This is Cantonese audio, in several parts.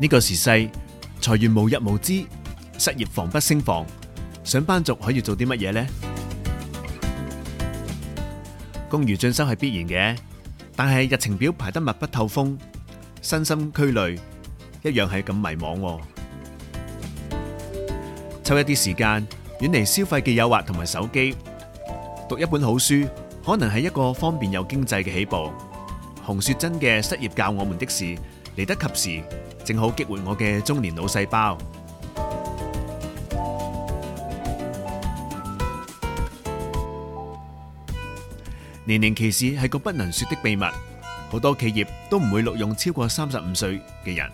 呢個時勢，裁員無日無之，失業防不勝防，上班族可以做啲乜嘢呢？公餘進修係必然嘅，但係日程表排得密不透風，身心俱累，一樣係咁迷惘喎。抽一啲時間，遠離消費嘅誘惑同埋手機，讀一本好書，可能係一個方便又經濟嘅起步。洪雪珍嘅《失業教我們的事》。嚟得及時，正好激活我嘅中年腦細胞。年齡歧視係個不能說的秘密，好多企業都唔會錄用超過三十五歲嘅人。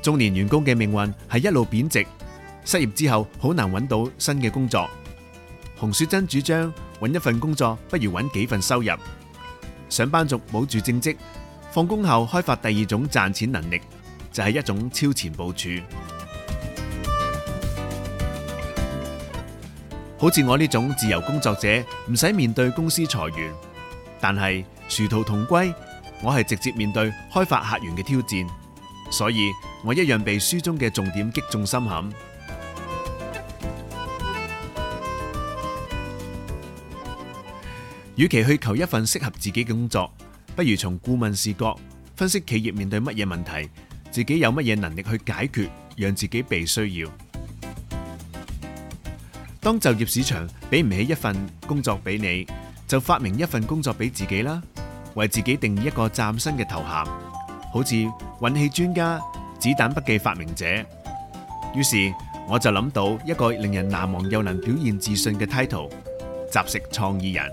中年員工嘅命運係一路貶值，失業之後好難揾到新嘅工作。洪雪珍主張揾一份工作，不如揾幾份收入。上班族保住正職，放工後開發第二種賺錢能力，就係一種超前部署。好似我呢種自由工作者，唔使面對公司裁員，但係殊途同歸，我係直接面對開發客源嘅挑戰，所以我一樣被書中嘅重點擊中心坎。與其去求一份適合自己嘅工作。不如從顧問視角，分析企業面對乜嘢問題，自己有乜嘢能力去解決，讓自己被需要。當就業市場俾唔起一份工作俾你，就發明一份工作俾自己啦，為自己定義一個嶄新嘅頭銜，好似運氣專家、子彈筆記發明者。於是我就諗到一個令人難忘又能表現自信嘅 title：雜食創意人。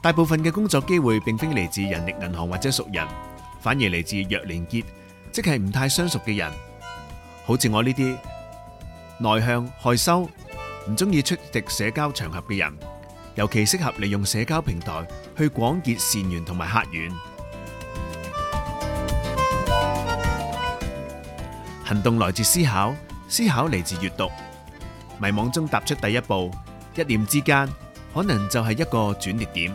大部分嘅工作機會並非嚟自人力銀行或者熟人，反而嚟自弱連結，即係唔太相熟嘅人。好似我呢啲內向、害羞、唔中意出席社交場合嘅人，尤其適合利用社交平台去廣結善緣同埋客源。行動來自思考，思考嚟自閱讀，迷惘中踏出第一步，一念之間。可能就係一個轉捩點。